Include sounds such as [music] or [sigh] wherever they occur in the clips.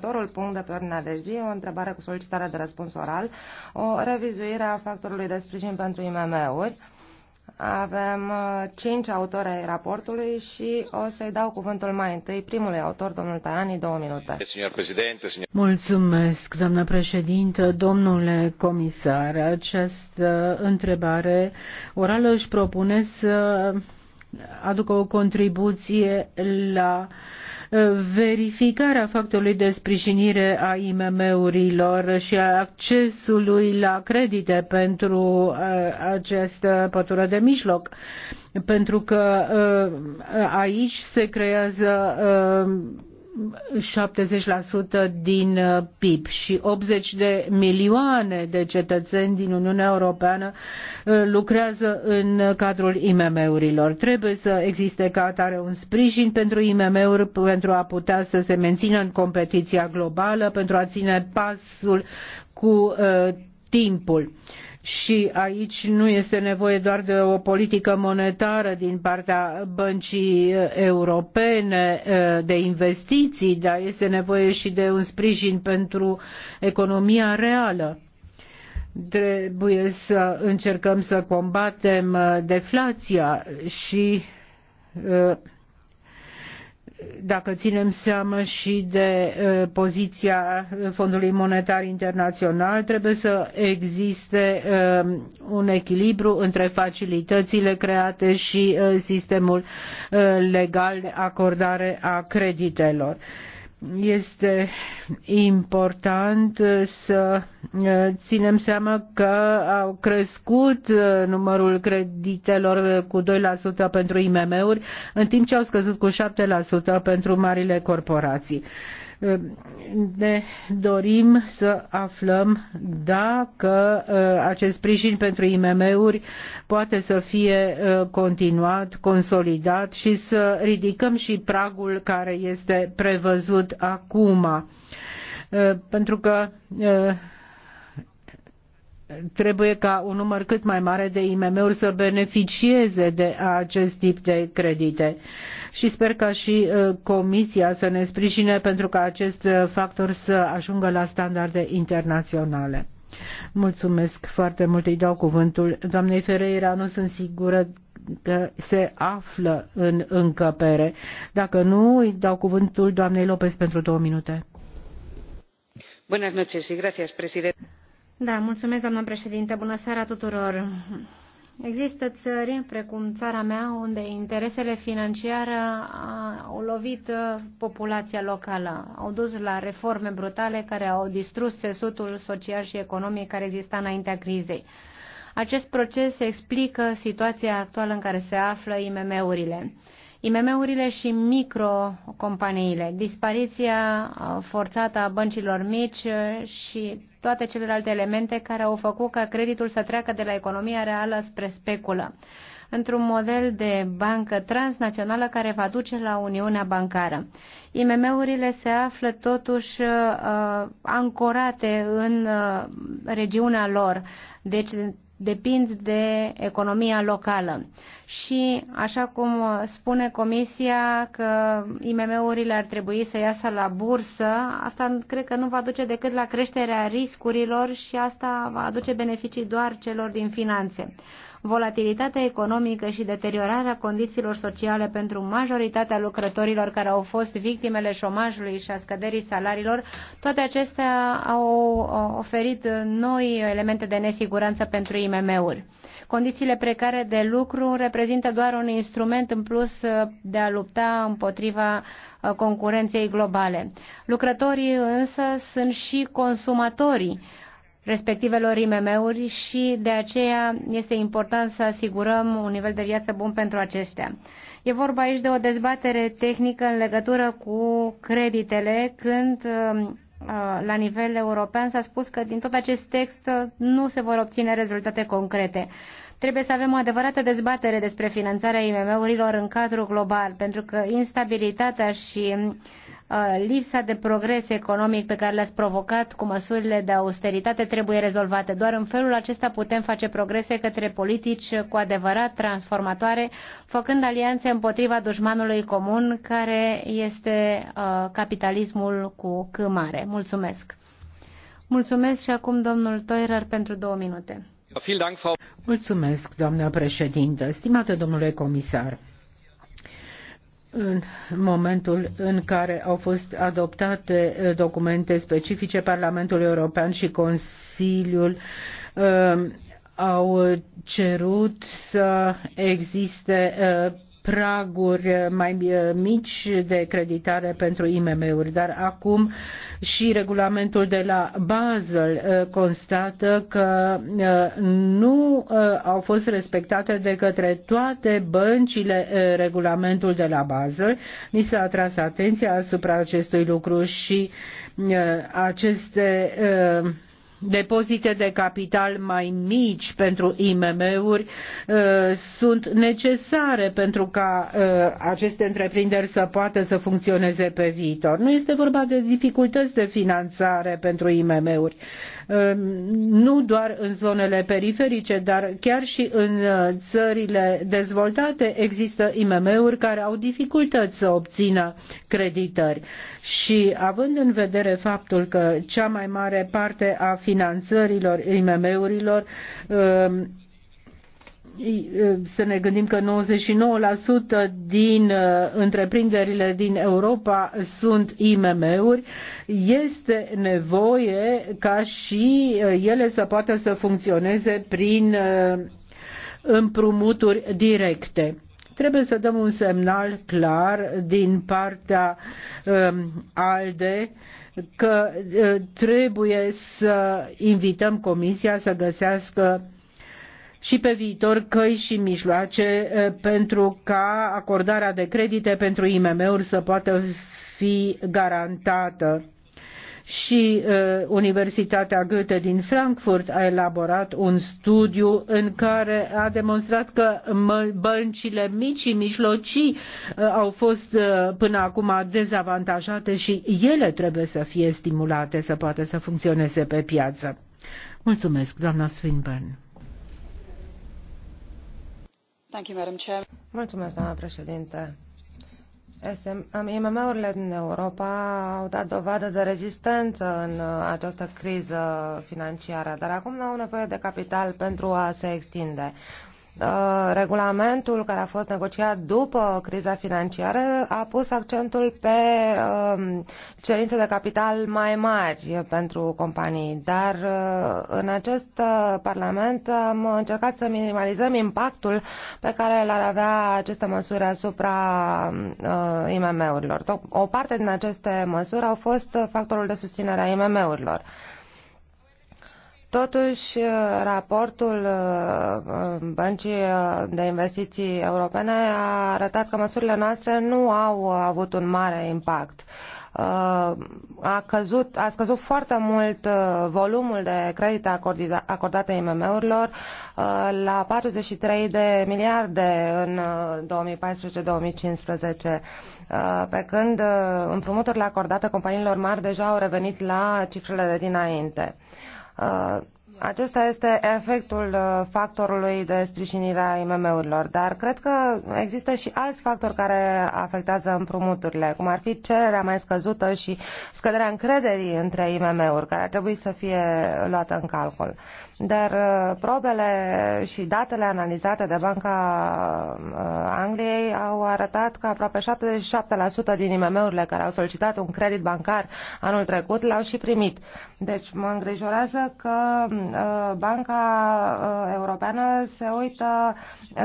Următorul punct de pe ordinea de zi, o întrebare cu solicitare de răspuns oral, o revizuire a factorului de sprijin pentru IMM-uri. Avem uh, cinci autori ai raportului și o să-i dau cuvântul mai întâi primului autor, domnul Tajani, două minute. Mulțumesc, doamnă președintă, domnule comisar. Această întrebare orală își propune să aducă o contribuție la uh, verificarea factorului de sprijinire a IMM-urilor și a accesului la credite pentru uh, această pătură de mijloc. Pentru că uh, aici se creează 70% din uh, PIB și 80 de milioane de cetățeni din Uniunea Europeană uh, lucrează în cadrul IMM-urilor. Trebuie să existe ca atare un sprijin pentru IMM-uri pentru a putea să se mențină în competiția globală, pentru a ține pasul cu uh, timpul. Uh, și aici nu este nevoie doar de o politică monetară din partea băncii europene eh, de investiții, dar este nevoie și de un sprijin pentru economia reală. Trebuie să încercăm să combatem eh, deflația și eh, dacă ținem seama și de poziția Fondului Monetar Internațional, trebuie să existe un echilibru între facilitățile create și sistemul legal de acordare a creditelor este important uh, să uh, ținem seama că au crescut uh, numărul creditelor cu 2% pentru IMM-uri, în timp ce au scăzut cu 7% pentru marile corporații. Ne dorim să aflăm dacă uh, acest sprijin pentru IMM-uri poate să fie uh, continuat, consolidat și să ridicăm și pragul care este prevăzut acum. Uh, pentru că trebuie ca un număr cât mai mare de IMM-uri să beneficieze de acest tip de credite și sper ca și uh, Comisia să ne sprijine pentru ca acest uh, factor să ajungă la standarde internaționale. Mulțumesc foarte mult, îi dau cuvântul. Doamnei Ferreira, nu sunt sigură că se află în încăpere. Dacă nu, îi dau cuvântul doamnei Lopez pentru două minute. Bună noches și gracias, presidente. Da, mulțumesc, doamnă președinte. Bună seara tuturor. Există țări, precum țara mea, unde interesele financiare au lovit uh, populația locală, au dus la reforme brutale care au distrus sesutul social și economic care exista înaintea crizei. Acest proces explică situația actuală în care se află IMM-urile. IMM-urile și microcompaniile, dispariția uh, forțată a băncilor mici uh, și toate celelalte elemente care au făcut ca creditul să treacă de la economia reală spre speculă, într-un model de bancă transnațională care va duce la Uniunea Bancară. IMM-urile se află totuși uh, uh, ancorate în uh, regiunea lor, deci depind de economia locală. Și, așa cum spune Comisia că IMM-urile ar trebui să iasă la bursă, asta cred că nu va duce decât la creșterea riscurilor și asta va aduce beneficii doar celor din finanțe volatilitatea economică și deteriorarea condițiilor sociale pentru majoritatea lucrătorilor care au fost victimele șomajului și a scăderii salariilor, toate acestea au oferit noi elemente de nesiguranță pentru IMM-uri. Condițiile precare de lucru reprezintă doar un instrument în plus de a lupta împotriva uh, concurenței globale. Lucrătorii însă sunt și consumatorii respectivelor IMM-uri și de aceea este important să asigurăm un nivel de viață bun pentru aceștia. E vorba aici de o dezbatere tehnică în legătură cu creditele, când uh, uh, la nivel european s-a spus că din tot acest text nu se vor obține rezultate concrete. Trebuie să avem o adevărată dezbatere despre finanțarea IMM-urilor în cadrul global, pentru că instabilitatea și uh, lipsa de progres economic pe care le-ați provocat cu măsurile de austeritate trebuie rezolvate. Doar în felul acesta putem face progrese către politici cu adevărat transformatoare, făcând alianțe împotriva dușmanului comun, care este uh, capitalismul cu C mare. Mulțumesc! Mulțumesc și acum domnul Toirer pentru două minute. Mulțumesc, doamnă președintă. Stimate domnule comisar, în momentul în care au fost adoptate documente specifice, Parlamentul European și Consiliul um, au cerut să existe uh, praguri mai mici de creditare pentru IMM-uri, dar acum și regulamentul de la Basel uh, constată că uh, nu uh, au fost respectate de către toate băncile regulamentul de la Basel. Ni s-a atras atenția asupra acestui lucru și aceste depozite de capital mai mici pentru IMM-uri uh, sunt necesare pentru ca uh, aceste întreprinderi să poată să funcționeze pe viitor. Nu este vorba de dificultăți de finanțare pentru IMM-uri nu doar în zonele periferice, dar chiar și în uh, țările dezvoltate există IMM-uri care au dificultăți să obțină creditări. Și având în vedere faptul că cea mai mare parte a finanțărilor IMM-urilor um, să ne gândim că 99% din uh, întreprinderile din Europa sunt IMM-uri, este nevoie ca și uh, ele să poată să funcționeze prin uh, împrumuturi directe. Trebuie să dăm un semnal clar din partea um, ALDE că uh, trebuie să invităm Comisia să găsească și pe viitor căi și mijloace pentru ca acordarea de credite pentru IMM-uri să poată fi garantată. Și Universitatea Goethe din Frankfurt a elaborat un studiu în care a demonstrat că băncile mici și mijlocii au fost până acum dezavantajate și ele trebuie să fie stimulate să poată să funcționeze pe piață. Mulțumesc, doamna Swinburne. Mulțumesc, doamnă președinte. IMM-urile din Europa au dat dovadă de rezistență în uh, această criză financiară, dar acum nu au nevoie de capital pentru a se extinde. Uh, regulamentul care a fost negociat după criza financiară a pus accentul pe um, cerințe de capital mai mari pentru companii, dar uh, în acest uh, Parlament am încercat să minimalizăm impactul pe care l-ar avea aceste măsuri asupra IMM-urilor. O parte din aceste măsuri au fost factorul de susținere a IMM-urilor. Totuși, raportul uh, Băncii uh, de Investiții Europene a arătat că măsurile noastre nu au avut un mare impact uh, a, căzut, a scăzut foarte mult volumul de credite acordate IMM-urilor la 43 de miliarde în 2014-2015, pe când împrumuturile acordate companiilor mari deja au revenit la cifrele de dinainte. Uh, acesta este efectul uh, factorului de sprijinire a IMM-urilor, dar cred că există și alți factori care afectează împrumuturile, cum ar fi cererea mai scăzută și scăderea încrederii între IMM-uri, care ar trebui să fie luată în calcul. Uh, dar uh, probele și datele analizate de Banca uh, Angliei au arătat că aproape 77% din IMM-urile care au solicitat un credit bancar anul trecut l-au și primit. Deci mă îngrijorează că uh, Banca Europeană se uită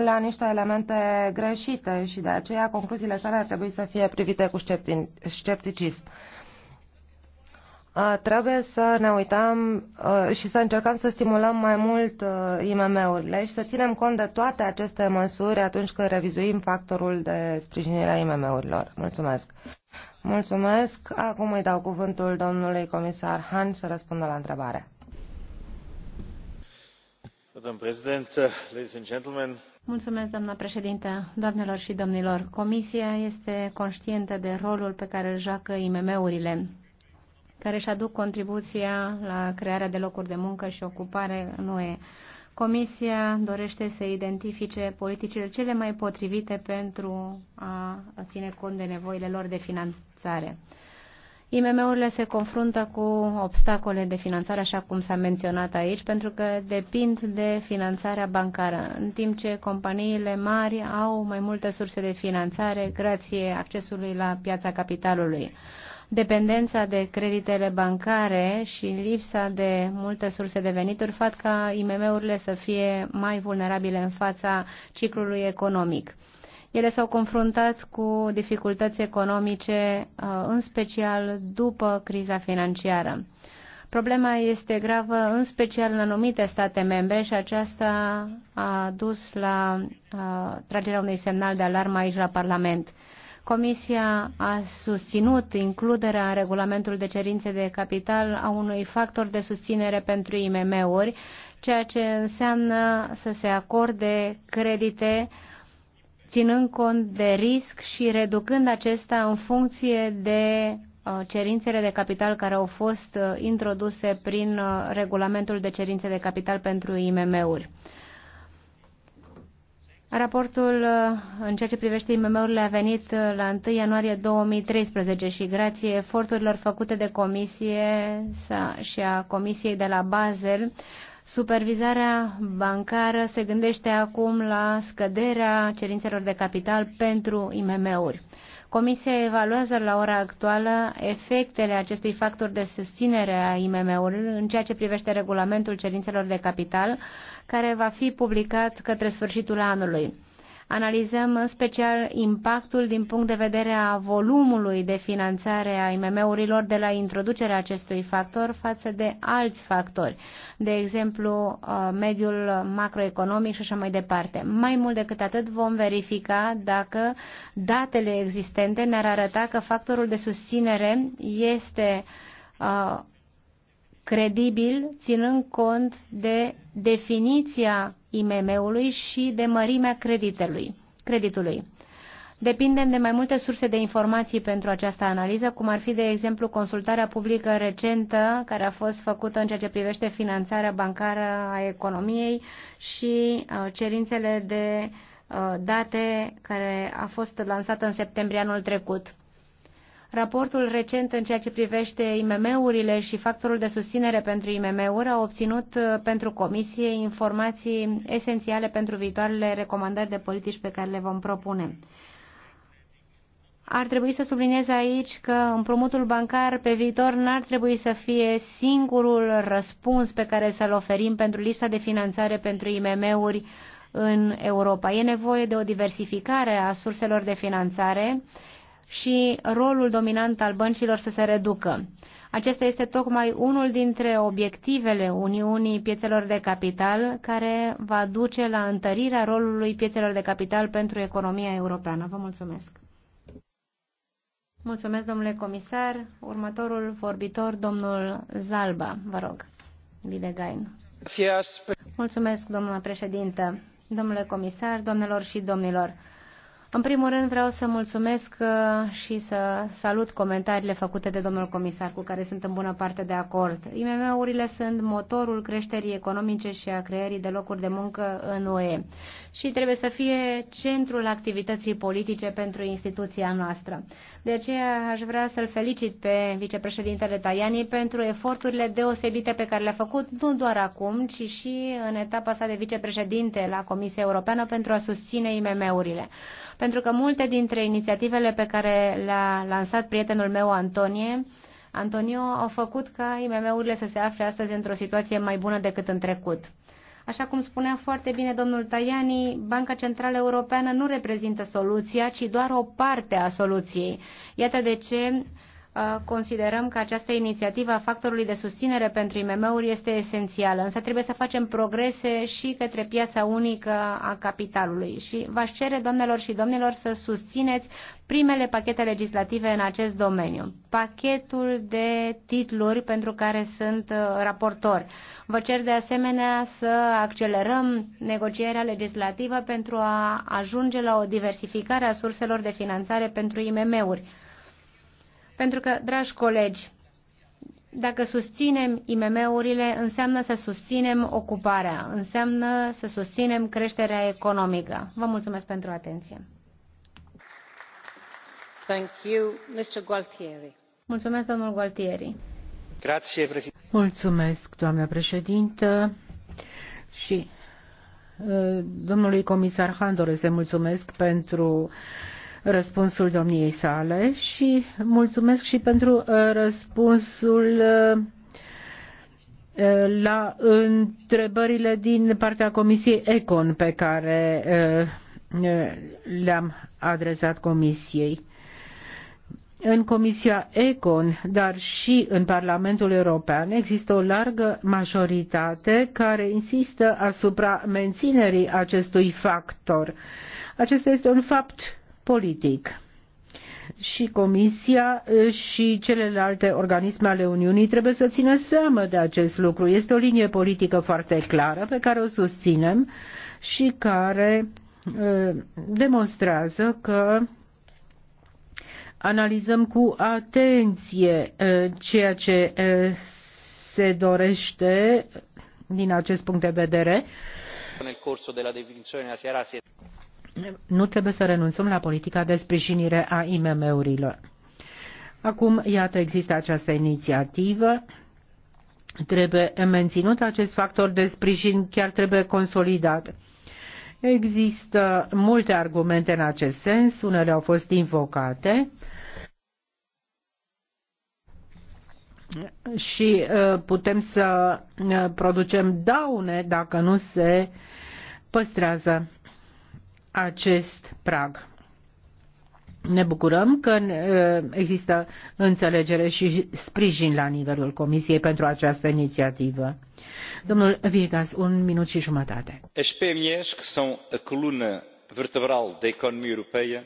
la niște elemente greșite și de aceea concluziile sale ar trebui să fie privite cu scepticism trebuie să ne uităm și să încercăm să stimulăm mai mult IMM-urile și să ținem cont de toate aceste măsuri atunci când revizuim factorul de sprijinire a IMM-urilor. Mulțumesc! Mulțumesc! Acum îi dau cuvântul domnului comisar Han să răspundă la întrebare. Mulțumesc, doamna președintă, doamnelor și domnilor. Comisia este conștientă de rolul pe care îl joacă IMM-urile care își aduc contribuția la crearea de locuri de muncă și ocupare în UE. Comisia dorește să identifice politicile cele mai potrivite pentru a ține cont de nevoile lor de finanțare. IMM-urile se confruntă cu obstacole de finanțare, așa cum s-a menționat aici, pentru că depind de finanțarea bancară, în timp ce companiile mari au mai multe surse de finanțare grație accesului la piața capitalului dependența de creditele bancare și lipsa de multe surse de venituri fac ca IMM-urile să fie mai vulnerabile în fața ciclului economic. Ele s-au confruntat cu dificultăți economice, uh, în special după criza financiară. Problema este gravă în special în anumite state membre și aceasta a dus la a, uh, tragerea unui semnal de alarmă aici la Parlament. Comisia a susținut includerea în regulamentul de cerințe de capital a unui factor de susținere pentru IMM-uri, ceea ce înseamnă să se acorde credite ținând cont de risc și reducând acesta în funcție de uh, cerințele de capital care au fost uh, introduse prin uh, regulamentul de cerințe de capital pentru IMM-uri. Raportul uh, în ceea ce privește IMM-urile a venit uh, la 1 ianuarie 2013 și grație eforturilor făcute de comisie și a comisiei de la Basel, supervizarea bancară se gândește acum la scăderea cerințelor de capital pentru IMM-uri. Comisia evaluează la ora actuală efectele acestui factor de susținere a IMM-urilor în ceea ce privește regulamentul cerințelor de capital, care va fi publicat către sfârșitul anului. Analizăm în special impactul din punct de vedere a volumului de finanțare a IMM-urilor de la introducerea acestui factor față de alți factori, de exemplu uh, mediul macroeconomic și așa mai departe. Mai mult decât atât vom verifica dacă datele existente ne-ar arăta că factorul de susținere este uh, credibil, ținând cont de definiția IMM-ului și de mărimea creditului. creditului. Depindem de mai multe surse de informații pentru această analiză, cum ar fi, de exemplu, consultarea publică recentă care a fost făcută în ceea ce privește finanțarea bancară a economiei și uh, cerințele de uh, date care a fost lansată în septembrie anul trecut. Raportul recent în ceea ce privește IMM-urile și factorul de susținere pentru IMM-uri a obținut uh, pentru Comisie informații esențiale pentru viitoarele recomandări de politici pe care le vom propune. Ar trebui să subliniez aici că împrumutul bancar pe viitor n-ar trebui să fie singurul răspuns pe care să-l oferim pentru lipsa de finanțare pentru IMM-uri în Europa. E nevoie de o diversificare a surselor de finanțare și rolul dominant al băncilor să se reducă. Acesta este tocmai unul dintre obiectivele Uniunii Piețelor de Capital, care va duce la întărirea rolului piețelor de capital pentru economia europeană. Vă mulțumesc! Mulțumesc, domnule comisar. Următorul vorbitor, domnul Zalba, vă rog, Videgain. Mulțumesc, domnule președinte, domnule comisar, domnilor și domnilor. În primul rând vreau să mulțumesc uh, și să salut comentariile făcute de domnul comisar cu care sunt în bună parte de acord. IMM-urile sunt motorul creșterii economice și a creării de locuri de muncă în UE și trebuie să fie centrul activității politice pentru instituția noastră. De aceea aș vrea să-l felicit pe vicepreședintele Tajani pentru eforturile deosebite pe care le-a făcut nu doar acum, ci și în etapa sa de vicepreședinte la Comisia Europeană pentru a susține IMM-urile pentru că multe dintre inițiativele pe care le-a lansat prietenul meu Antonie, Antonio, au făcut ca IMM-urile să se afle astăzi într-o situație mai bună decât în trecut. Așa cum spunea foarte bine domnul Tajani, Banca Centrală Europeană nu reprezintă soluția, ci doar o parte a soluției. Iată de ce Uh, considerăm că această inițiativă a factorului de susținere pentru IMM-uri este esențială, însă trebuie să facem progrese și către piața unică a capitalului. Și v-aș cere, doamnelor și domnilor, să susțineți primele pachete legislative în acest domeniu. Pachetul de titluri pentru care sunt uh, raportor. Vă cer de asemenea să accelerăm negocierea legislativă pentru a ajunge la o diversificare a surselor de finanțare pentru IMM-uri pentru că, dragi colegi, dacă susținem IMM-urile, înseamnă să susținem ocuparea, înseamnă să susținem creșterea economică. Vă mulțumesc pentru atenție. Thank you, Mr. Gualtieri. Mulțumesc, domnul Gualtieri. Grazie, mulțumesc, doamnă președintă. Și uh, domnului comisar Handor se mulțumesc pentru uh, răspunsul domniei sale și mulțumesc și pentru uh, răspunsul uh, uh, la întrebările din partea Comisiei Econ pe care le-am adresat Comisiei. În Comisia Econ, dar și în Parlamentul European, există o largă majoritate care insistă asupra menținerii acestui factor. Acesta este un fapt politic și Comisia și celelalte organisme ale Uniunii trebuie să țină seamă de acest lucru. Este o linie politică foarte clară pe care o susținem și care demonstrează că analizăm cu atenție ceea ce se dorește din acest punct de vedere nu trebuie să renunțăm la politica de sprijinire a IMM-urilor. Acum, iată, există această inițiativă. Trebuie menținut acest factor de sprijin, chiar trebuie consolidat. Există multe argumente în acest sens, unele au fost invocate și uh, putem să uh, producem daune dacă nu se păstrează acest prag. Ne bucurăm că uh, există înțelegere și sprijin la nivelul Comisiei pentru această inițiativă. Domnul Vigas, un minut și jumătate. As PMEs, que são coluna vertebral da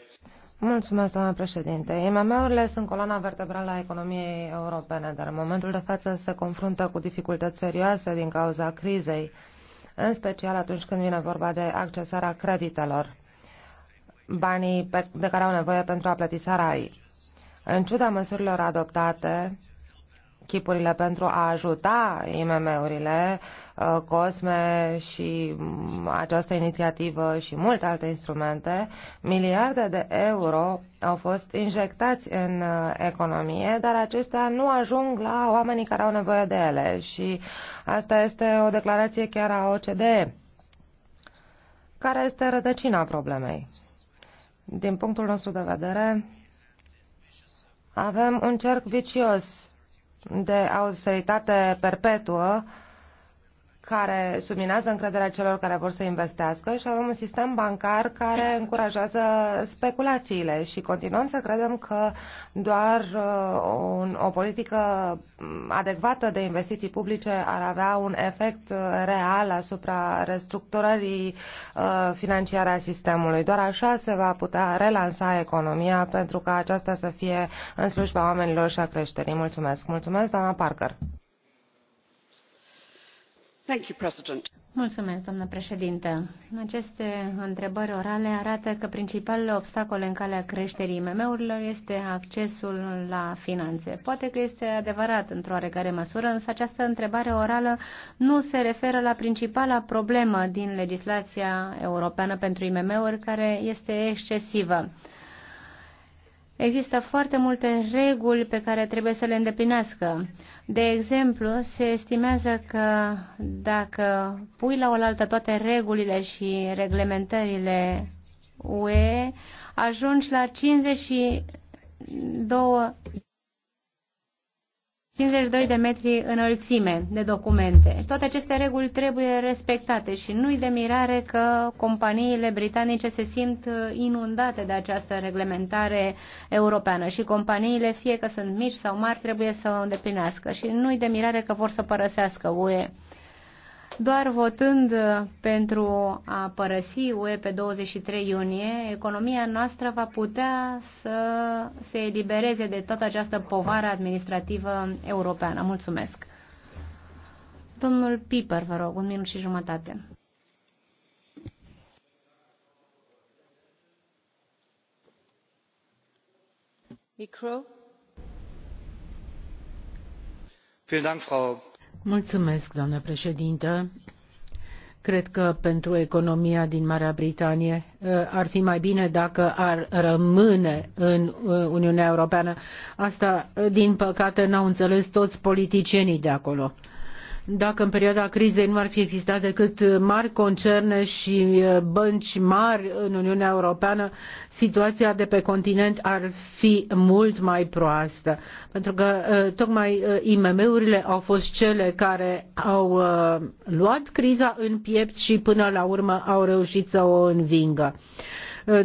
Mulțumesc, doamnă președinte. IMM-urile sunt coloana vertebrală a economiei europene, dar în momentul de față se confruntă cu dificultăți serioase din cauza crizei, în special atunci când vine vorba de accesarea creditelor banii pe, de care au nevoie pentru a plăti salarii. În ciuda măsurilor adoptate, chipurile pentru a ajuta IMM-urile, uh, COSME și mm, această inițiativă și multe alte instrumente, miliarde de euro au fost injectați în uh, economie, dar acestea nu ajung la oamenii care au nevoie de ele și asta este o declarație chiar a OCDE. Care este rădăcina problemei? Din punctul nostru de vedere, avem un cerc vicios de austeritate perpetuă care subminează încrederea celor care vor să investească și avem un sistem bancar care încurajează speculațiile și continuăm să credem că doar o, uh, o politică mm, adecvată de investiții publice ar avea un efect uh, real asupra restructurării uh, financiare a sistemului. Doar așa se va putea relansa economia pentru ca aceasta să fie în slujba oamenilor și a creșterii. Mulțumesc. Mulțumesc, doamna Parker. Mulțumesc, doamnă președintă. Aceste întrebări orale arată că principalele obstacole în calea creșterii IMM-urilor este accesul la finanțe. Poate că este adevărat într-o oarecare măsură, însă această întrebare orală nu se referă la principala problemă din legislația europeană pentru IMM-uri, care este excesivă. Există foarte multe reguli pe care trebuie să le îndeplinească. De exemplu, se estimează că dacă pui la oaltă toate regulile și reglementările UE, ajungi la 52 52 de metri înălțime de documente. Toate aceste reguli trebuie respectate și nu-i de mirare că companiile britanice se simt uh, inundate de această reglementare europeană și companiile, fie că sunt mici sau mari, trebuie să o îndeplinească și nu-i de mirare că vor să părăsească UE. Doar votând uh, pentru a părăsi UE pe 23 iunie, economia noastră va putea să se elibereze de toată această povară administrativă europeană. Mulțumesc. Domnul Piper, vă rog, un minut și jumătate. Micro. Vielen Dank, Frau Mulțumesc, doamnă președintă. Cred că pentru economia din Marea Britanie uh, ar fi mai bine dacă ar rămâne în uh, Uniunea Europeană. Asta, uh, din păcate, n-au înțeles toți politicienii de acolo dacă în perioada crizei nu ar fi existat decât mari concerne și uh, bănci mari în Uniunea Europeană, situația de pe continent ar fi mult mai proastă. Pentru că uh, tocmai uh, IMM-urile au fost cele care au luat criza în piept și până la urmă au reușit să o învingă.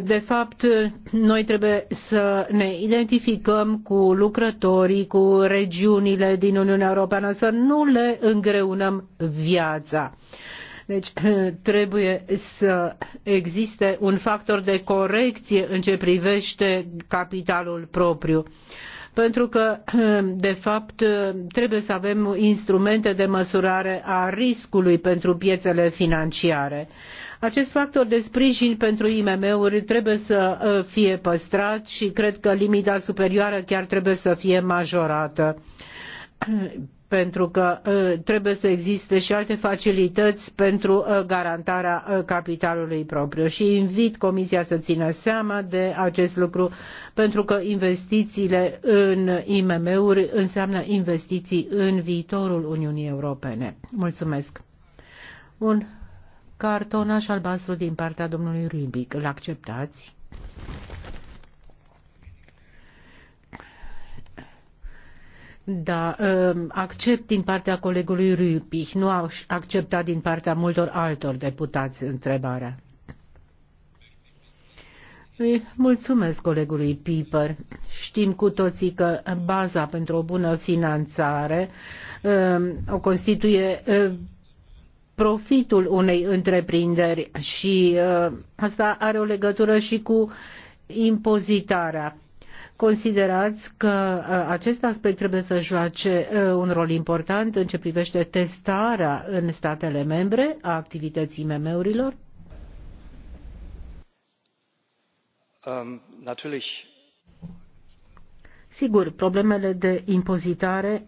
De fapt, noi trebuie să ne identificăm cu lucrătorii, cu regiunile din Uniunea Europeană, să nu le îngreunăm viața. Deci trebuie să existe un factor de corecție în ce privește capitalul propriu. Pentru că, de fapt, trebuie să avem instrumente de măsurare a riscului pentru piețele financiare. Acest factor de sprijin pentru IMM-uri trebuie să uh, fie păstrat și cred că limita superioară chiar trebuie să fie majorată [clears throat] pentru că uh, trebuie să existe și alte facilități pentru uh, garantarea capitalului propriu și invit Comisia să țină seama de acest lucru pentru că investițiile în IMM-uri înseamnă investiții în viitorul Uniunii Europene. Mulțumesc! Un cartonaș albastru din partea domnului Rubic. Îl acceptați? Da, uh, accept din partea colegului Rubic. Nu a acceptat din partea multor altor deputați întrebarea. Îi mulțumesc colegului Piper. Știm cu toții că baza pentru o bună finanțare uh, o constituie uh, profitul unei întreprinderi și uh, asta are o legătură și cu impozitarea. Considerați că uh, acest aspect trebuie să joace uh, un rol important în ce privește testarea în statele membre a activității MM-urilor? Um, Sigur, problemele de impozitare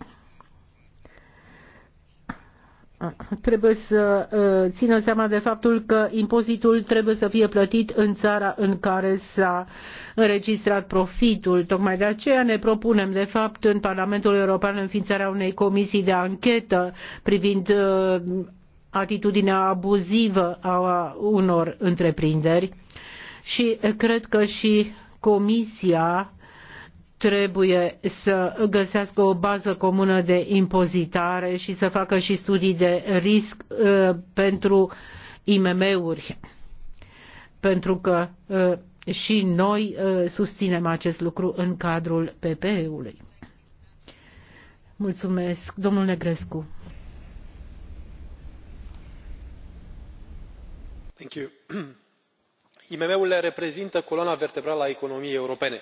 trebuie să uh, țină seama de faptul că impozitul trebuie să fie plătit în țara în care s-a înregistrat profitul. Tocmai de aceea ne propunem, de fapt, în Parlamentul European înființarea unei comisii de anchetă privind uh, atitudinea abuzivă a unor întreprinderi și cred că și Comisia trebuie să găsească o bază comună de impozitare și să facă și studii de risc uh, pentru IMM-uri. Pentru că uh, și noi uh, susținem acest lucru în cadrul PPE-ului. Mulțumesc, domnul Negrescu. [clears throat] imm urile reprezintă coloana vertebrală a economiei europene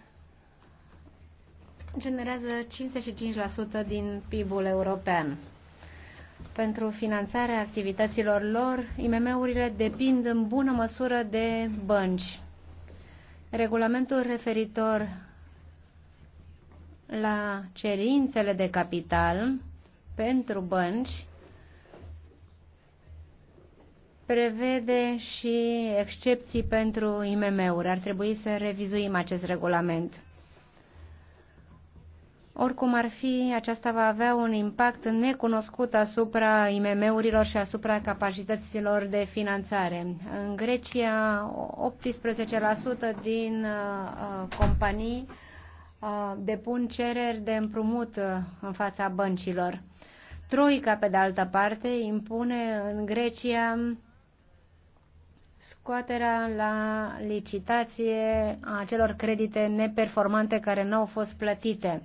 generează 55% din PIB-ul european. Pentru finanțarea activităților lor, IMM-urile depind în bună măsură de bănci. Regulamentul referitor la cerințele de capital pentru bănci prevede și excepții pentru IMM-uri. Ar trebui să revizuim acest regulament. Oricum ar fi, aceasta va avea un impact necunoscut asupra IMM-urilor și asupra capacităților de finanțare. În Grecia, 18% din uh, companii uh, depun cereri de împrumut uh, în fața băncilor. Troica, pe de altă parte, impune în Grecia scoaterea la licitație a acelor credite neperformante care nu au fost plătite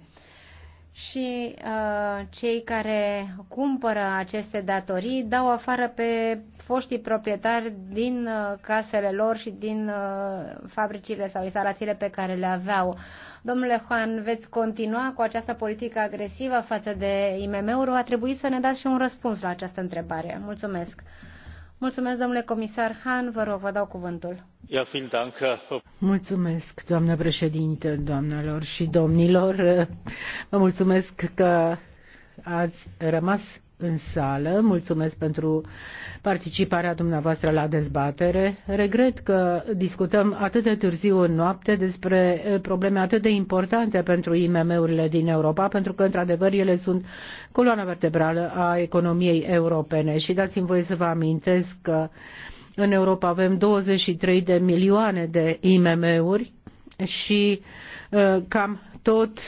și uh, cei care cumpără aceste datorii dau afară pe foștii proprietari din uh, casele lor și din uh, fabricile sau instalațiile pe care le aveau. Domnule Juan, veți continua cu această politică agresivă față de IMM-uri? Va trebui să ne dați și un răspuns la această întrebare. Mulțumesc. Mulțumesc, domnule comisar Han, vă rog, vă dau cuvântul. Mulțumesc, doamnă președintă, doamnelor și domnilor. Vă mulțumesc că ați rămas în sală. Mulțumesc pentru participarea dumneavoastră la dezbatere. Regret că discutăm atât de târziu în noapte despre eh, probleme atât de importante pentru IMM-urile din Europa, pentru că, într-adevăr, ele sunt coloana vertebrală a economiei europene. Și dați-mi voie să vă amintesc că în Europa avem 23 de milioane de IMM-uri și eh, cam tot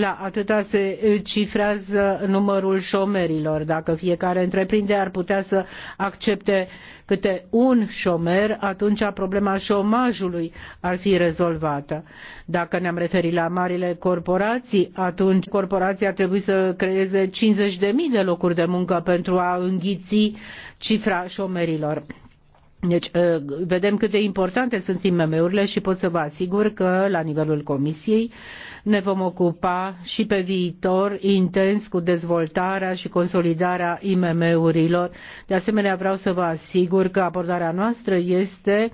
la atâta se cifrează numărul șomerilor. Dacă fiecare întreprindere ar putea să accepte câte un șomer, atunci problema șomajului ar fi rezolvată. Dacă ne-am referit la marile corporații, atunci corporația ar trebui să creeze 50.000 de locuri de muncă pentru a înghiți cifra șomerilor. Deci ă, vedem cât de importante sunt IMM-urile și pot să vă asigur că la nivelul Comisiei ne vom ocupa și pe viitor intens cu dezvoltarea și consolidarea IMM-urilor. De asemenea, vreau să vă asigur că abordarea noastră este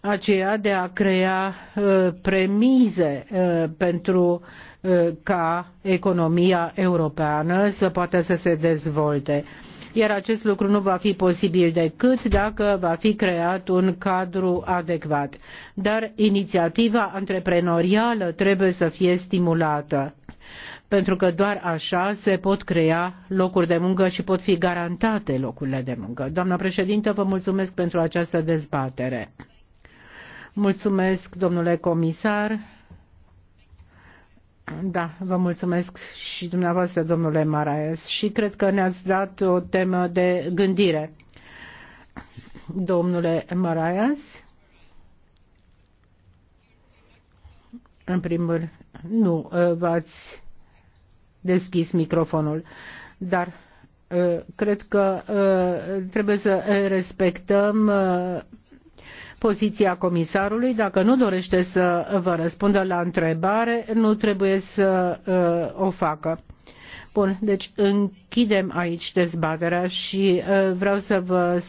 aceea de a crea ă, premize ă, pentru ca economia europeană să poată să se dezvolte iar acest lucru nu va fi posibil decât dacă va fi creat un cadru adecvat. Dar inițiativa antreprenorială trebuie să fie stimulată pentru că doar așa se pot crea locuri de muncă și pot fi garantate locurile de muncă. Doamna președintă, vă mulțumesc pentru această dezbatere. Mulțumesc, domnule comisar. Da, vă mulțumesc și dumneavoastră, domnule Maraes, și cred că ne-ați dat o temă de gândire. Domnule Maraes, în primul rând, nu ă, v-ați deschis microfonul, dar ă, cred că ă, trebuie să respectăm poziția comisarului. Dacă nu dorește să vă răspundă la întrebare, nu trebuie să uh, o facă. Bun, deci închidem aici dezbaterea și uh, vreau să vă